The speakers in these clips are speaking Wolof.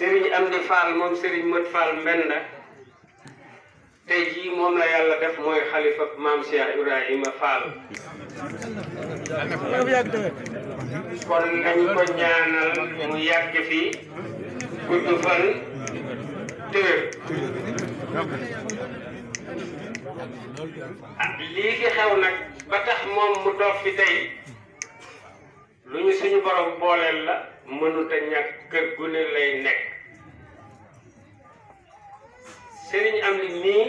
Serigne Amdi Fall moom Serigne Mët Fall Mbenda tey jii moom la yàlla def mooy xalifa maam Cheikh Ibrahima Fall kon nañ ko ñaanal mu yàgg fii gudd fan téer ah, lii fi xew nag ba tax moom mu dox fi tey lu ñu suñu borom booleel la mënut a ñàkk kër gu ne lay nekk sëriñ am ni nii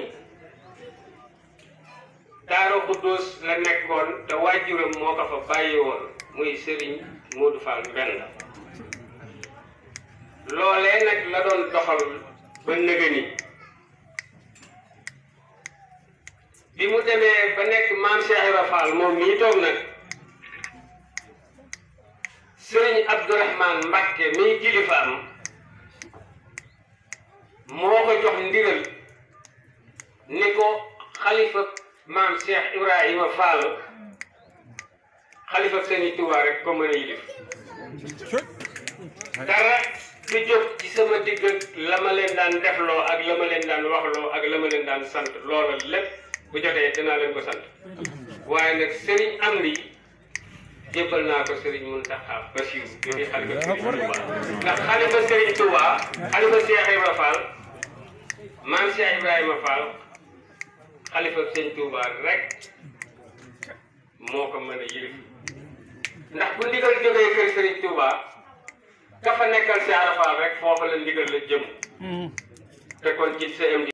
Daara Xuddoos la nekkoon te waajuram moo ko fa bàyyi woon muy sëriñ Modou Fall benn loolee nag la doon doxal ba nëgë bi mu demee ba nekk maam Cheikh Ibra Fall moom mii toog nag sëriñ Abdourahman Mbacke mi kilifaam moo ko jox ndigal ni ko xalifa maam Cheikh Ibrahima Fall xalifa sëriñ Touba rek ko a yilif dara du jóg ci sama digg la ma leen daan defloo ak la ma leen daan waxloo ak la ma leen daan sant loola lépp bu jotee danaa leen ko sant waaye nag sëriñ Amdi jébbal naa ko Serigne Mountakha Bassirou bi di xalifa Serigne Touba ndax xalifa Serigne Touba xalifa Cheikh Ibrahima Fall maam Cheikh Ibrahima Fall xalifa Serigne Touba rek moo ko mën a yëlif ndax bu ndigal jógee kër Serigne Touba ka fa nekkal Cheikh Ibra rek foofu la ndigal la jëm hmm.